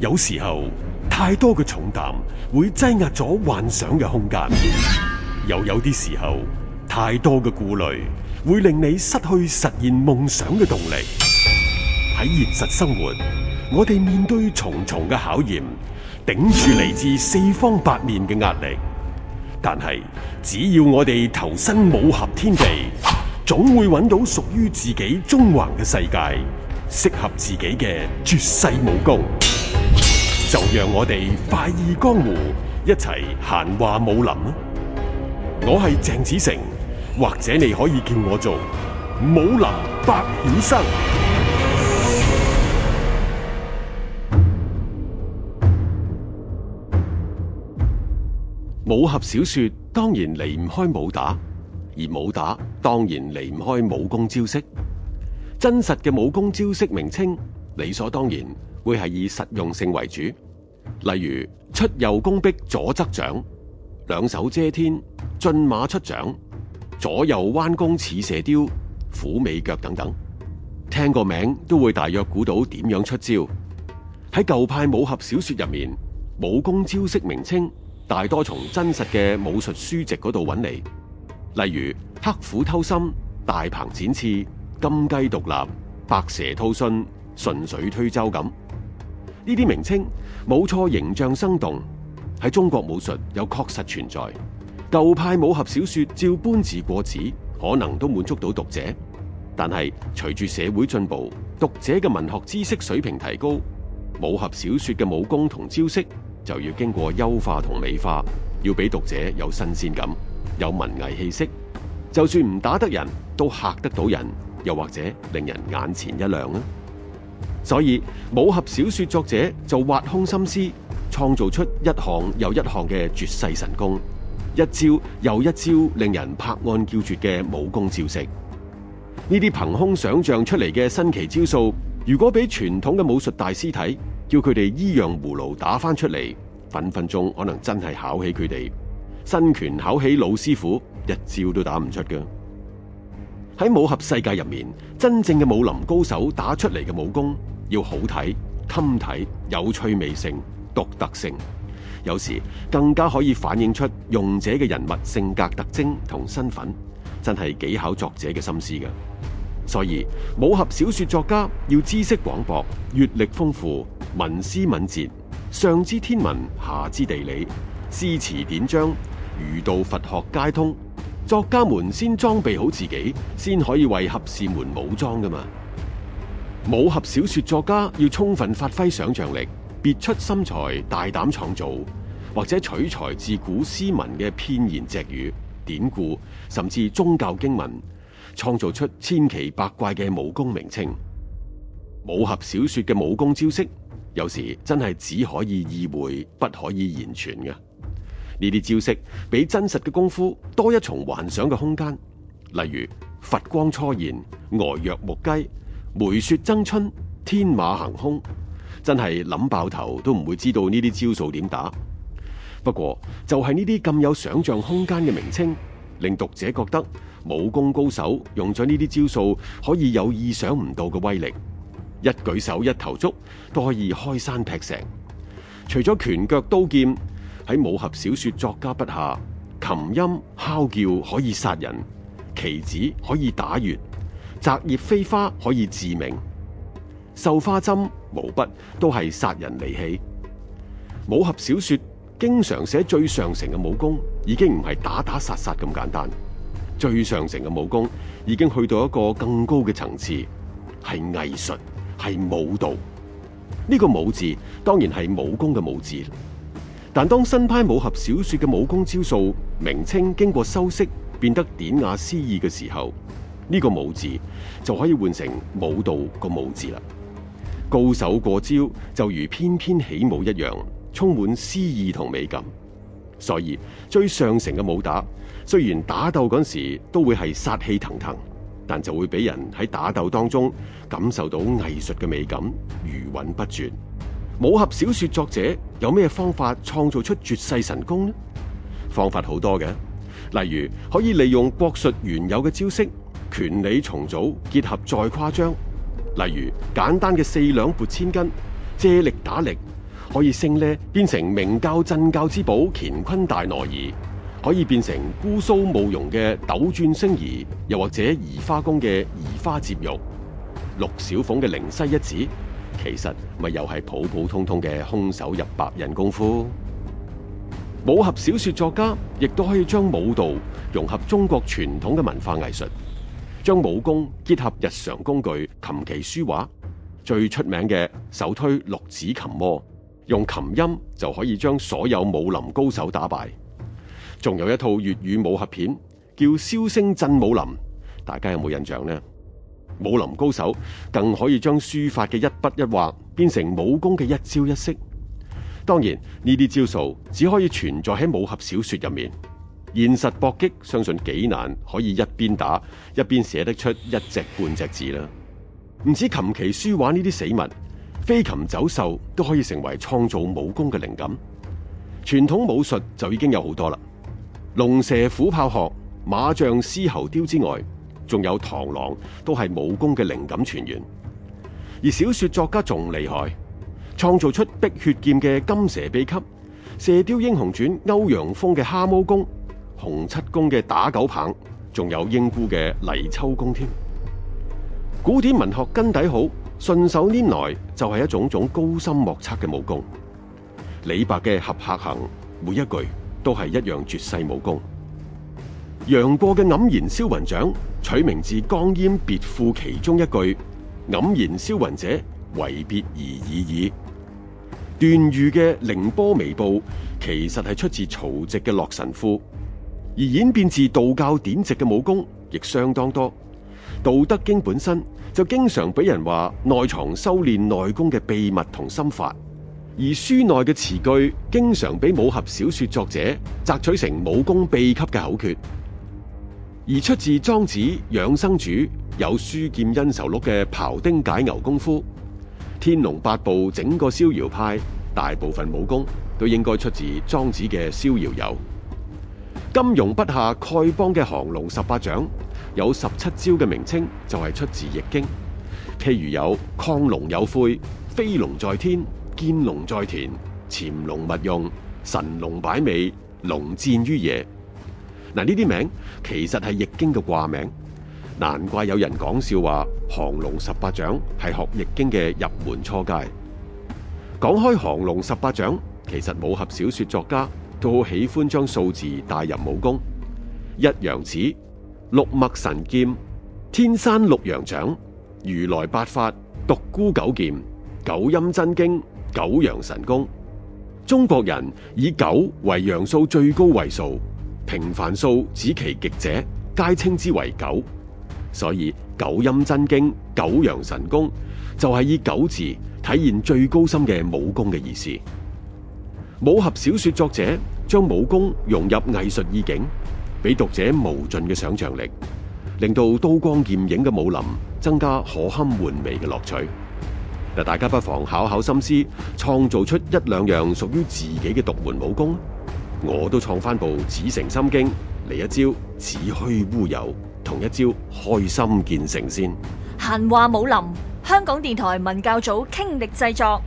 有時候太多嘅重擔會擠壓咗幻想嘅空間，又有啲時候太多嘅顧慮會令你失去實現夢想嘅動力。喺現實生活，我哋面對重重嘅考驗，頂住嚟自四方八面嘅壓力。但係只要我哋投身武俠天地，總會揾到屬於自己中華嘅世界，適合自己嘅絕世武功。就讓我哋快意江湖，一齊閒話武林啦。我係鄭子成，或者你可以叫我做武林百曉生。武俠小說當然離唔開武打，而武打當然離唔開武功招式。真實嘅武功招式名稱，理所當然。會係以實用性為主，例如出右弓逼左側掌，兩手遮天，駿馬出掌，左右彎弓似射鵰，虎尾腳等等，聽個名都會大約估到點樣出招。喺舊派武俠小說入面，武功招式名稱大多從真實嘅武術書籍嗰度搵嚟，例如黑虎偷心、大鵬展翅、金雞獨立、白蛇吐信、順水推舟咁。呢啲名稱冇錯，形象生動，喺中國武術有確實存在。舊派武俠小說照搬字過紙，可能都滿足到讀者。但係隨住社會進步，讀者嘅文學知識水平提高，武俠小說嘅武功同招式就要經過優化同美化，要俾讀者有新鮮感，有文藝氣息。就算唔打得人，都嚇得到人，又或者令人眼前一亮啊！所以武俠小說作者就挖空心思，創造出一項又一項嘅絕世神功，一招又一招令人拍案叫絕嘅武功招式。呢啲憑空想象出嚟嘅新奇招數，如果俾傳統嘅武術大師睇，叫佢哋依樣葫蘆打返出嚟，分分鐘可能真係考起佢哋身拳考起老師傅，一招都打唔出㗎。喺武俠世界入面，真正嘅武林高手打出嚟嘅武功要好睇、襟睇、有趣味性、獨特性，有時更加可以反映出用者嘅人物性格特徵同身份，真係幾考作者嘅心思㗎。所以武俠小說作家要知識廣博、閱歷豐富、文思敏捷，上知天文，下知地理，詩詞典章、儒道佛學皆通。作家們先裝備好自己，先可以為俠士們武裝噶嘛。武俠小說作家要充分發揮想象力，別出心裁、大膽創造，或者取材自古詩文嘅片言、隻語、典故，甚至宗教經文，創造出千奇百怪嘅武功名稱。武俠小說嘅武功招式，有時真係只可以意會，不可以言傳嘅。呢啲招式比真實嘅功夫多一重幻想嘅空間，例如佛光初現、呆、呃、若木雞、梅雪爭春、天馬行空，真係諗爆頭都唔會知道呢啲招數點打。不過就係呢啲咁有想象空間嘅名稱，令讀者覺得武功高手用咗呢啲招數可以有意想唔到嘅威力，一舉手一投足都可以開山劈石。除咗拳腳刀劍。喺武俠小說作家筆下，琴音敲叫可以殺人，棋子可以打完，摘葉飛花可以致命，繡花針、毛筆都係殺人利器。武俠小說經常寫最上乘嘅武功，已經唔係打打殺殺咁簡單，最上乘嘅武功已經去到一個更高嘅層次，係藝術，係武道。呢、這個武字當然係武功嘅武字。但當新派武俠小說嘅武功招數名稱經過修飾，變得典雅詩意嘅時候，呢個武字就可以換成舞蹈個武字啦。高手過招就如翩翩起舞一樣，充滿詩意同美感。所以最上乘嘅武打，雖然打鬥嗰時都會係殺氣騰騰，但就會俾人喺打鬥當中感受到藝術嘅美感，餘韻不絕。武俠小說作者有咩方法創造出絕世神功呢？方法好多嘅，例如可以利用國術原有嘅招式，權利重組，結合再誇張。例如簡單嘅四兩撥千斤，借力打力，可以升呢，變成明教鎮教之寶乾坤大挪移，可以變成姑蘇慕容嘅斗轉星移，又或者移花宮嘅移花接玉，陸小鳳嘅靈犀一指。其實咪又係普普通通嘅空手入白刃功夫。武俠小說作家亦都可以將武道融合中國傳統嘅文化藝術，將武功結合日常工具，琴棋書畫。最出名嘅首推六指琴魔，用琴音就可以將所有武林高手打敗。仲有一套粵語武俠片叫《簫聲震武林》，大家有冇印象呢？武林高手更可以將書法嘅一筆一畫變成武功嘅一招一式。當然呢啲招數只可以存在喺武俠小說入面，現實搏擊相信幾難可以一邊打一邊寫得出一隻半隻字啦。唔止琴棋書畫呢啲死物，飛禽走獸都可以成為創造武功嘅靈感。傳統武術就已經有好多啦，龍蛇虎豹、鶴、馬、象、獅、猴、雕之外。仲有螳螂都係武功嘅靈感泉源，而小說作家仲厲害，創造出碧血劍嘅金蛇秘笈、射鵰英雄傳歐陽鋒嘅蛤蟆功、洪七公嘅打狗棒，仲有英姑嘅泥鰍功添。古典文學根底好，順手拈來就係一種種高深莫測嘅武功。李白嘅《俠客行》，每一句都係一樣絕世武功。楊過嘅黯然銷魂掌。取名自江淹《別賦》其中一句“黯然銷魂者，唯別而已矣”。段譽嘅凌波微步其實係出自曹植嘅《洛神賦》，而演變自道教典籍嘅武功亦相當多。《道德經》本身就經常俾人話內藏修煉內功嘅秘密同心法，而書內嘅詞句經常俾武俠小說作者摘取成武功秘笈嘅口訣。而出自莊子《養生主》，有書劍恩仇錄嘅庖丁解牛功夫。《天龍八部》整個逍遙派大部分武功都應該出自莊子嘅逍遙遊。金庸筆下丐幫嘅降龍十八掌有十七招嘅名稱就係出自易經，譬如，有亢龍有悔、飛龍在天、見龍在田、潛龍勿用、神龍擺尾、龍戰于野。嗱，呢啲名其實係易經嘅掛名，難怪有人講笑話，降龍十八掌係學易經嘅入門初階。講開降龍十八掌，其實武俠小説作家都好喜歡將數字帶入武功，一陽指、六脈神劍、天山六陽掌、如來八法、獨孤九劍、九陰真經、九陽神功。中國人以九為陽數最高位數。平凡數指其極者，皆稱之為九，所以九陰真經、九陽神功就係以九字體現最高深嘅武功嘅意思。武俠小說作者將武功融入藝術意境，俾讀者無盡嘅想象力，令到刀光劍影嘅武林增加可堪玩味嘅樂趣。嗱，大家不妨考考心思，創造出一兩樣屬於自己嘅獨門武功。我都創翻部《紫城心經》，嚟一招子虛烏有，同一招開心見成仙。閒話武林，香港電台文教組傾力製作。